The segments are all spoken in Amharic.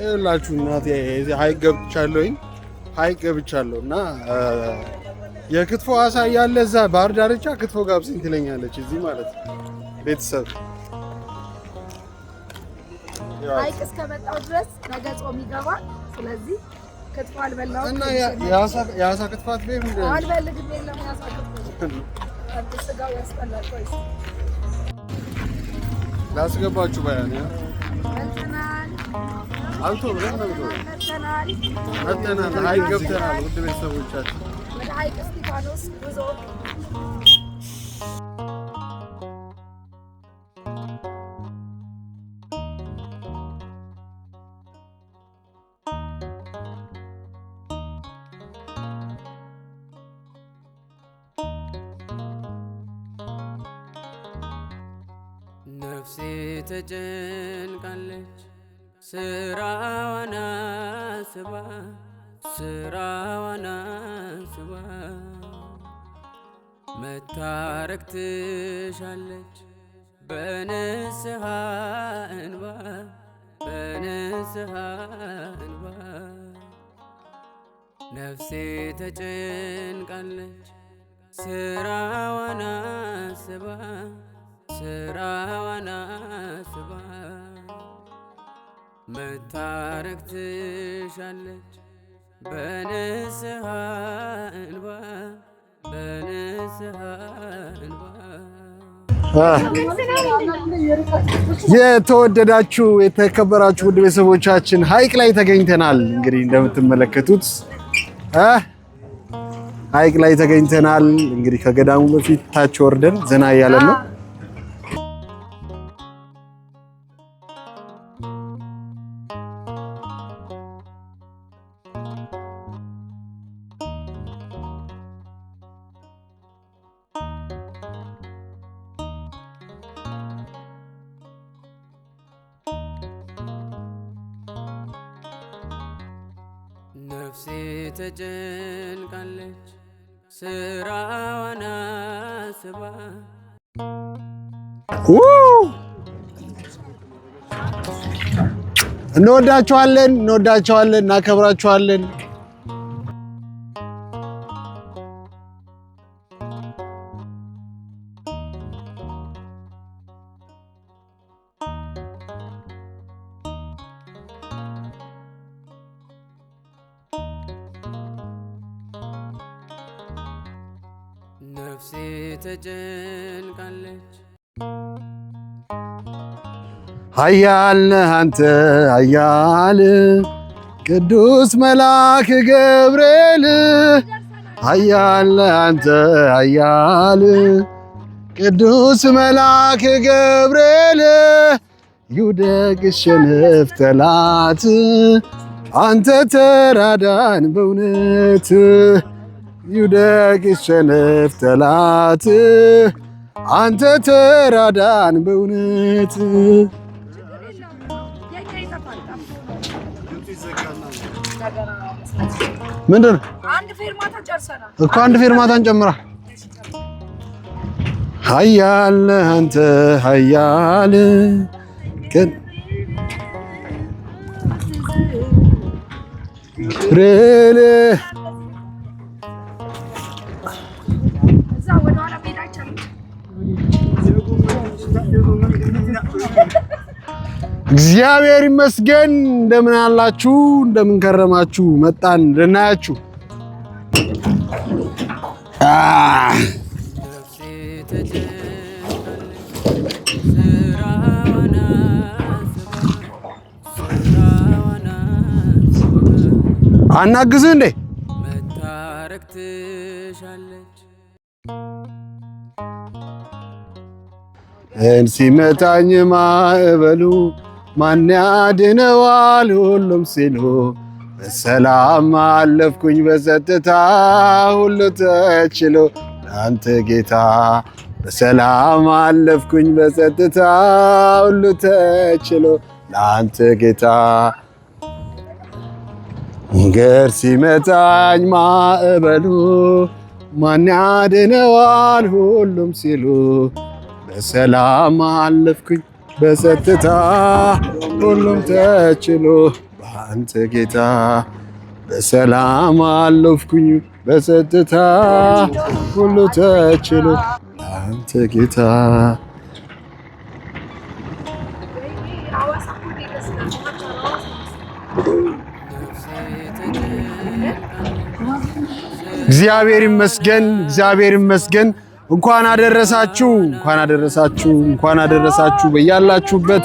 ይኸውላችሁ እናቴ ሀይቅ ገብቻለሁኝ ሀይቅ ገብቻለሁ እና የክትፎ አሳ ያለ እዛ ባህር ዳርቻ ክትፎ ጋብዝኝ ትለኛለች። እዚህ ማለት ነው ቤተሰብ ሀይቅ እስከመጣሁ ድረስ ነገ ጾም ይገባል። ስለዚህ ክትፎ አልበላሁም እና የአሳ ክትፋት ቤት አልፈልግም። የለም የአሳ ክትፎ ስጋው ያስጠላል። ላስገባችሁ በያን መጥተናል መጥተናል ሀይቅ ገብተናል። ውድ ቤተሰቦቻችን ወደ ሀይቅ እስጢፋኖስ ጉዞ ነፍሴ ተጨንቃለች ስራዋን አስባ ስራዋን አስባ መታረቅ ትሻለች በንስሐ እንባ በንስሐ እንባ ነፍሴ ተጨንቃለች ስራዋን አስባ ስራዋን አስባ መታረቅ ትሻለች በንስሐ እንባ በንስሐ እንባ። የተወደዳችሁ የተከበራችሁ ውድ ቤተሰቦቻችን ሀይቅ ላይ ተገኝተናል። እንግዲህ እንደምትመለከቱት ሀይቅ ላይ ተገኝተናል። እንግዲህ ከገዳሙ በፊት ታች ወርደን ዘና እያለን ነው ነፍሴ ተጨንቃለች ስራዋን አስባ እንወዳችኋለን፣ እንወዳችኋለን፣ እናከብራችኋለን። ተጨንቃለች። ኃያል ነህ አንተ ኃያል ቅዱስ መልአክ ገብርኤል ኃያል ነህ አንተ ኃያል ቅዱስ መልአክ ገብርኤል ይውደቅ ይሸነፍ ጠላት አንተ ተራዳን በእውነት ይውደቅ ይሸነፍ ጠላት፣ አንተ ተራዳን በእውነት። ምንድን እኮ አንድ ፌርማታን ጨምራ ሀያል አንተ ሀያል ግን እግዚአብሔር ይመስገን። እንደምን አላችሁ? እንደምን ከረማችሁ? መጣን ልናያችሁ። አናግዝ እንዴ መታረቅ እንሲመታኝ ማዕበሉ ማን ያድነዋል? ሁሉም ሲሉ በሰላም አለፍኩኝ በጸጥታ ሁሉ ተችሎ ለአንተ ጌታ በሰላም አለፍኩኝ በጸጥታ ሁሉ ተችሎ ለአንተ ጌታ መንገድ ሲመታኝ ማዕበሉ ማን ያድነዋል? ሁሉም ሲሉ በሰላም አለፍኩኝ በጸጥታ ሁሉም ተችሎ በአንተ ጌታ በሰላም አለፍኩኝ በጸጥታ ሁሉ ተችሎ በአንተ ጌታ እግዚአብሔር ይመስገን፣ እግዚአብሔር ይመስገን። እንኳን አደረሳችሁ፣ እንኳን አደረሳችሁ፣ እንኳን አደረሳችሁ በያላችሁበት።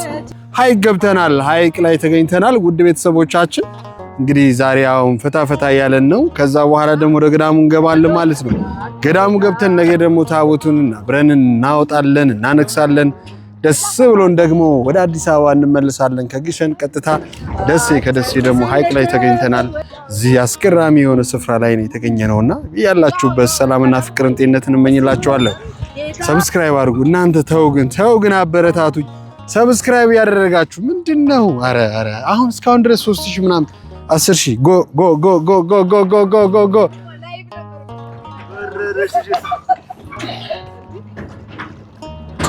ሀይቅ ገብተናል፣ ሀይቅ ላይ ተገኝተናል። ውድ ቤተሰቦቻችን እንግዲህ ዛሬ አሁን ፈታ ፈታ እያለን ነው። ከዛ በኋላ ደግሞ ወደ ገዳሙ እንገባለን ማለት ነው። ገዳሙ ገብተን ነገ ደግሞ ታቦቱን አብረን እናወጣለን፣ እናነግሳለን። ደስ ብሎን ደግሞ ወደ አዲስ አበባ እንመልሳለን። ከግሸን ቀጥታ ደሴ፣ ከደሴ ደግሞ ሀይቅ ላይ ተገኝተናል። እዚህ አስገራሚ የሆነ ስፍራ ላይ ነው የተገኘ ነው እና ያላችሁበት ሰላምና ፍቅርን ጤንነትን እመኝላችኋለሁ። ሰብስክራይብ አድርጉ። እናንተ ተው ግን ተው ግን አበረታቱ። ሰብስክራይብ ያደረጋችሁ ምንድን ነው? አረ አረ አሁን እስካሁን ድረስ ሶስት ሺህ ምናምን አስር ጎ ጎ ጎ ጎ ጎ ጎ ጎ ጎ ጎ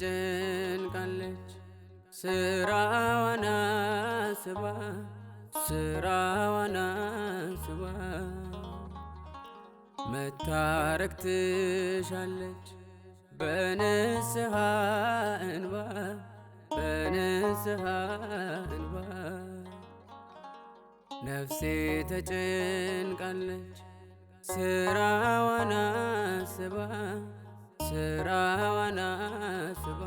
ተጨንቃለች ስራዋን አስባ ስራዋን አስባ መታረቅ ትሻለች በንስሐ እንባ በንስሐ እንባ ነፍሴ ተጨንቃለች ስራዋን አስባ ስራዋን አስባ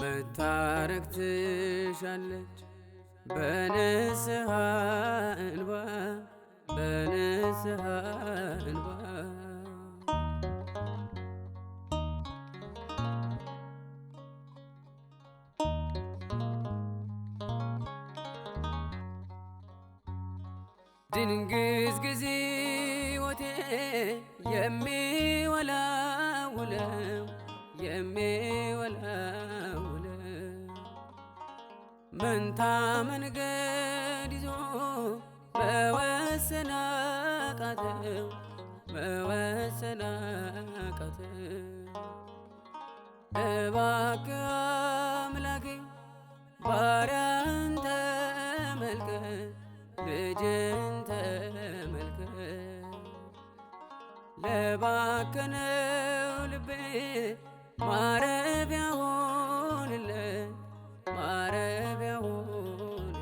መታረቅ ትሻለች በንስሐ እንባ በንስሐ እንባ ድንግዝ ጊዜ የሚወላውለው የሚወላውለው መንታ መንገድ ይዞ መወሰን አቃተው መወሰን አቃተው። እባክህ አምላኬ ባሪያን ተመልከት ልጅን ለባከነው ልቤ ማረፊያ ሆንለት ማረፊያ ሆንለት።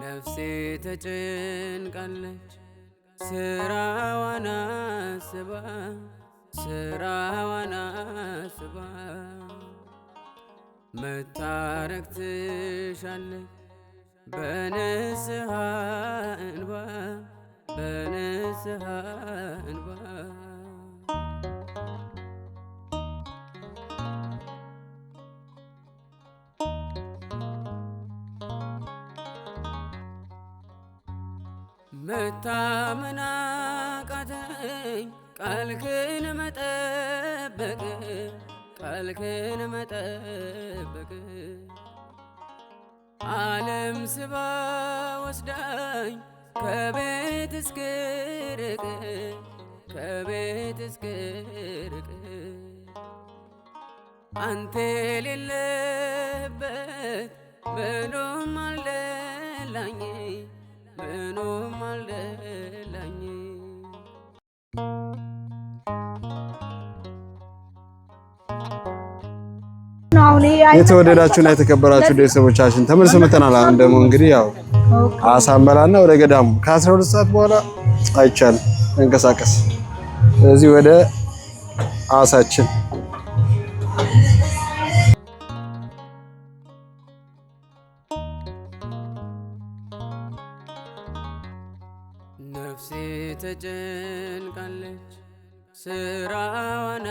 ነፍሴ ተጨንቃለች ስራዋን አስባ ስራዋን አስባ መታረቅ ትሻለች በንስሐ እንባ በንስሐ እንባ መታመን አቃተኝ ቃልክን መጠበቅ ቃልክን መጠበቅ ዓለም ስባ ወስዳኝ ከቤት እስከ ርቅ ከቤት እስከ ርቅ አንተ የሌለበት ምኑም አልደላኝ ምኑም አልደላኝ የተወደዳችሁና የተከበራችሁ ቤተሰቦቻችን ተመልሰን መጥተናል። አሁን ደግሞ እንግዲህ ያው አሳንበላና ወደ ገዳሙ ከ12 ሰዓት በኋላ አይቻልም መንቀሳቀስ። ስለዚህ ወደ አሳችን ነፍሴ ተጨንቃለች ስራዋና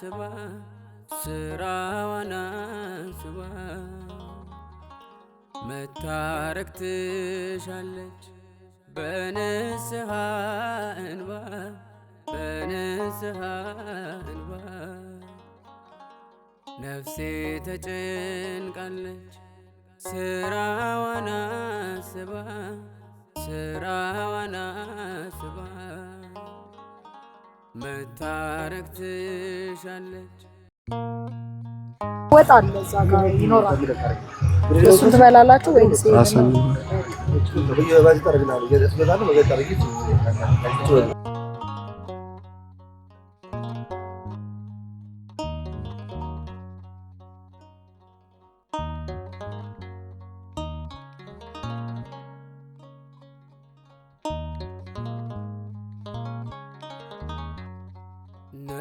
ስባ ስራዋና ስባ መታረቅ ትሻለች በንስሐ እንባ በንስሐ እንባ ነፍሴ ተጨንቃለች ስራዋን አስባ ስራዋን አስባ መታረቅ ትሻለች ወጥ አለ እዛ ጋር ይኖራል። እሱን ትበላላችሁ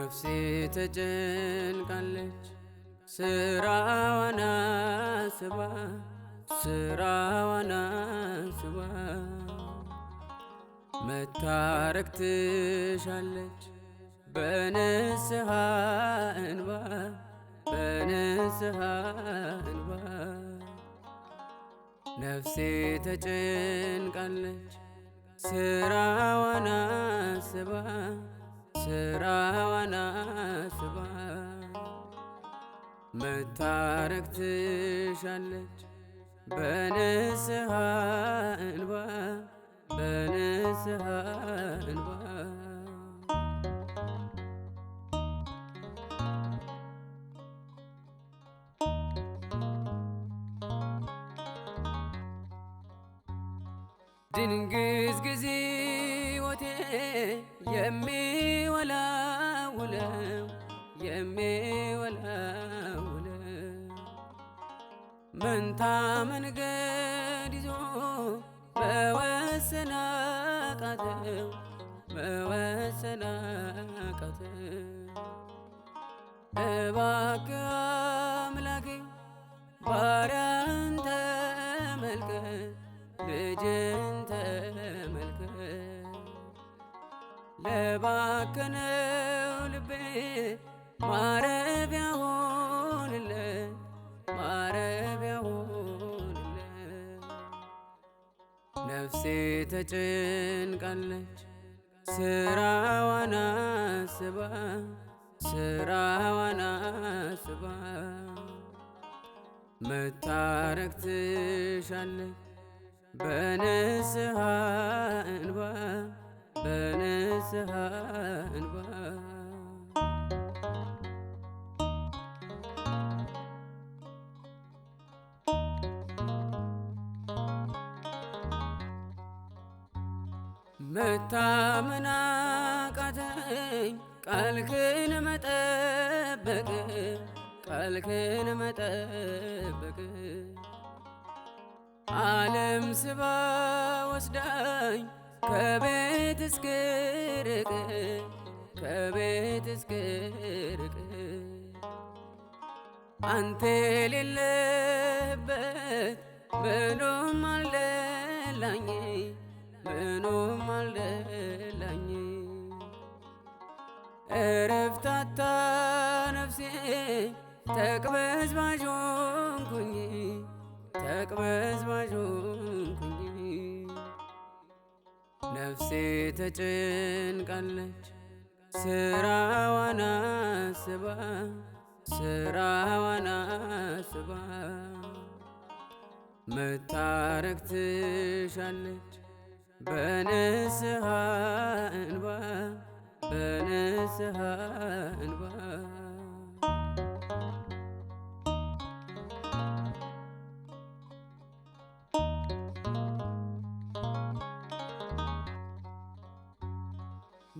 ነፍሴ ተጨንቃለች ስራዋን አስባ ስራዋን አስባ መታረቅ ትሻለች በንስሐ እንባ በንስሐ እንባ ነፍሴ ተጨንቃለች ስራዋን አስባ ስራዋን አስባ መታረቅ ትሻለች በንስሐ እንባ በንስሐ እንባ ወቴ ፈንታ መንገድ ይዞ መወሰን አቃተው መወሰን እባክህ አምላኬ ባሪያን ልጅን ለባከነው ልቤ ማረፊያ ነፍሴ ተጨንቃለች ስራዋን አስባ ስራዋን አስባ መታረቅ ትሻለች በንስሐ እንባ በንስሐ እንባ መታመን አቃተኝ ቃልክን መጠበቅ ቃልክን መጠበቅ ዓለም ስባ ወስዳኝ ከቤት እስክርቅ ከቤት እስክርቅ አንተ የሌለህበት ምኑም አልደላኝ ቀኑም አልደላኝ እረፍታታ ነፍሴ ተቅበዝባዥ ሆንኩኝ ተቅበዝባዥ ነፍሴ ተጨንቃለች ስራዋን አስባ ስራዋን አስባ መታረግ ትሻለች በንስሐ እንባ በንስሐ እንባ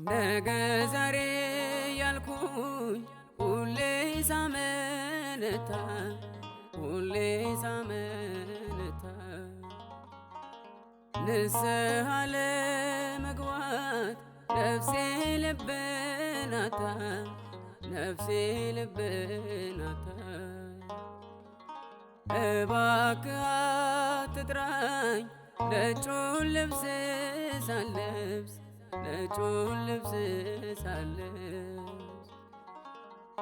ነገ ዛሬ ያልኩኝ ሁሌ ሳመነታ ሁሌ ንስሐ ለመግባት ነፍሴ ልብን ነፍሴ ልብን እባክህ አትጥራኝ ነጩን ልብስ ሳለብስ ነጩን ልብስ ሳለብስ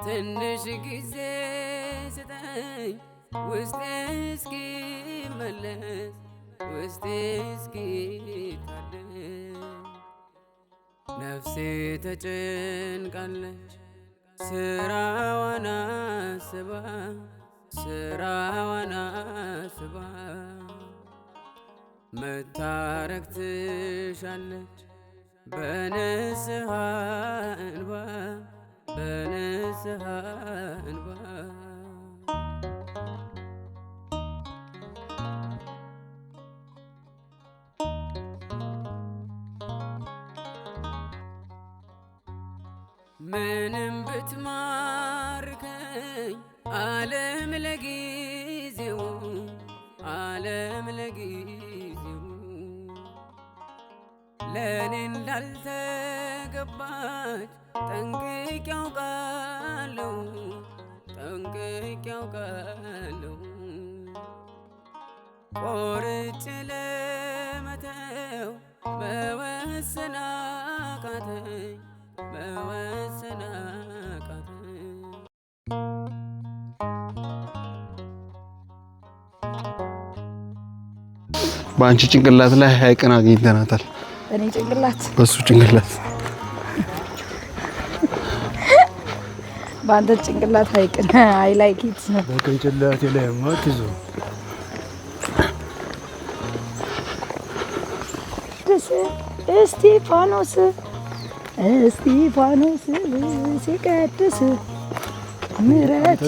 ትንሽ ጊዜ ስጠኝ ውስጤ እስኪመለስ ውስጤ እስኪካድ ነፍሴ ተጨንቃለች ስራዋን አስባ ስራዋን አስባ መታረቅ ትሻለች በንስሐ እንባ በንስሐ እንዳልተገባች ጠንቅቄ አውቃለሁ ጠንቅቄ አውቃለሁ። ቆርጬ ለመተው መወሰን አቃተኝ መወሰን አቃተኝ። በአንቺ ጭንቅላት ላይ ሀይቅን አግኝተናታል። በእኔ ጭንቅላት በሱ ጭንቅላት በአንተ ጭንቅላት ሀይቅ አይ ላይክ ኢት በጭንቅላት ላይ ሞት ይዞ እስጢፋኖስ እስጢፋኖስ ሲቀድስ ምረት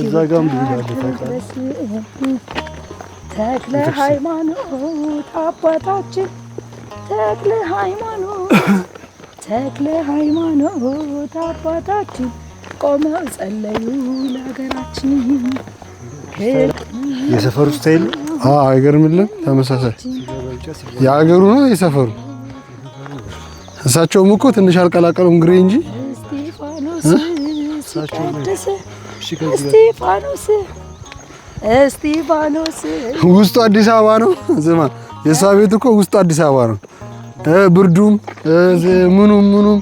ተክለ ሃይማኖት አባታችን ተክለ ሃይማኖት ተክለ ሃይማኖት አባታችን ቆመው ጸለዩ ለሀገራችን። የሰፈሩ ስታይል አይገርምልም? ተመሳሳይ የሀገሩ ነው የሰፈሩ። እሳቸውም እኮ ትንሽ አልቀላቀሉም ግሬ እንጂ እስጢፋኖስ ውስጡ አዲስ አበባ ነው። ዝማ የእሷ ቤት እኮ ውስጡ አዲስ አበባ ነው። ብርዱም ምኑም ምኑም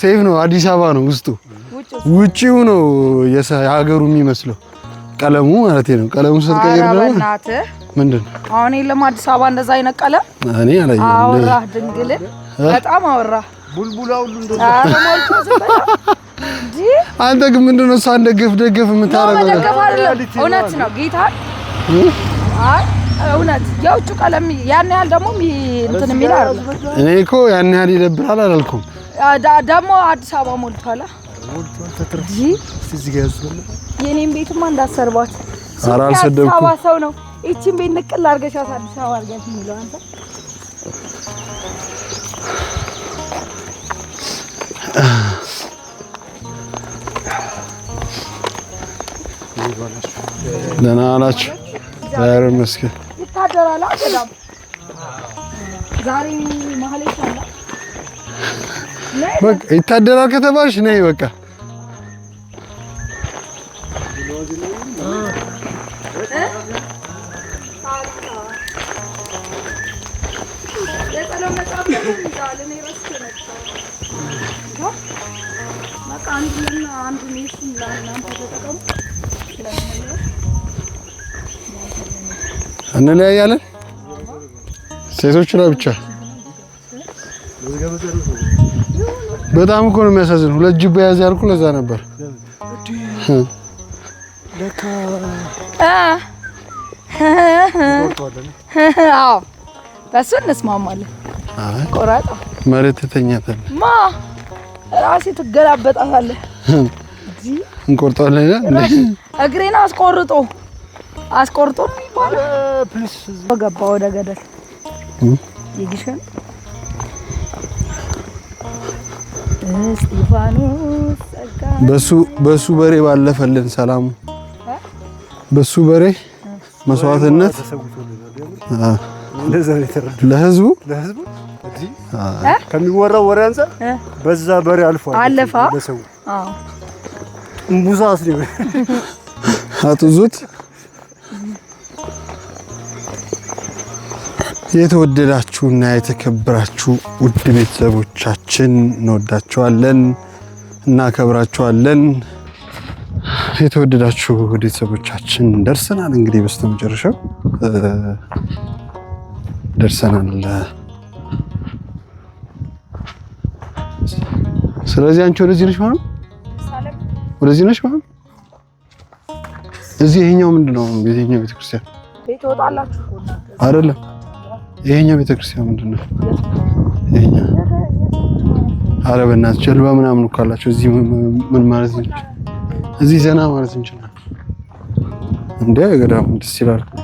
ሴፍ ነው። አዲስ አበባ ነው ውስጡ፣ ውጪው ነው የሀገሩ የሚመስለው ቀለሙ ማለት ነው። ቀለሙ ስትቀይር ነው ምንድን አሁን? የለም አዲስ አበባ እንደዛ አይነት ቀለም እኔ አላየሁም። አወራህ ድንግልን በጣም አወራህ። ቡልቡላ ሁሉ እንደዛ አንተ ግን ምንድን ነው እሷን ደገፍ ደገፍ የምታደርገው? እውነት ነው ጌታ አይ እውነት የውጭ ቀለም ያን ያህል ደግሞ እንትን የሚል እኔ እኮ ያን ያህል ይደብራል አላልኩም። ደግሞ አዲስ አበባ ሞልቷል። የኔም ቤትማ እንዳሰርቧት ሰው ነው። ይቺን ቤት ንቅል አድርገሻት አዲስ አበባ የሚለው አንተ ደህና ናችሁ? እግዚአብሔር ይመስገን። ሀገር አላቀዳም። ዛሬ መሀል ይሻላ በቃ ይታደራል ከተባልሽ ነይ በቃ አንድ አንድ ሜስ ላናንተ ተጠቀሙ እንለያያለን። ሴቶች ላይ ብቻ በጣም እኮ ነው የሚያሳዝን። ሁለት ጅብ በያዝ ያልኩ ለዛ ነበር። አዎ በሱ እንስማማለን። ቆራጣ መሬት ትተኛታለህ፣ ማ ራሴ ትገላበጣታለህ። እንቆርጠዋለን። እግሬን አስቆርጦ አስቆርጦ ገባ ወደ ገደል ይግሸን በሱ በሱ በሬ ባለፈልን ሰላሙ በሱ በሬ መስዋዕትነት ለህዝቡ ከሚወራው ወሬ አንፃር በዛ በሬ አልፏል። አለፋ አዎ እምቡዛስ ነው አጥዙት የተወደዳችሁና የተከበራችሁ ውድ ቤተሰቦቻችን እንወዳችኋለን፣ እናከብራችኋለን። የተወደዳችሁ ቤተሰቦቻችን ደርሰናል። እንግዲህ መጨረሻው ደርሰናል። ስለዚህ አንቺ ወደዚህ ነሽ ማለት ወደዚህ ነሽ ማለት እዚህ ይሄኛው ምንድን ነው? ቤተክርስቲያን ቤት ወጣላችሁ አይደለም? ይሄኛው ቤተክርስቲያን ምንድን ነው? ይሄኛው ኧረ በእናትህ ጀልባ ምናምን እኮ አላቸው። እዚህ ምን ማለት ነው? እዚህ ዘና ማለት እንችላለን እንዴ? ገዳሙ ደስ ይላል።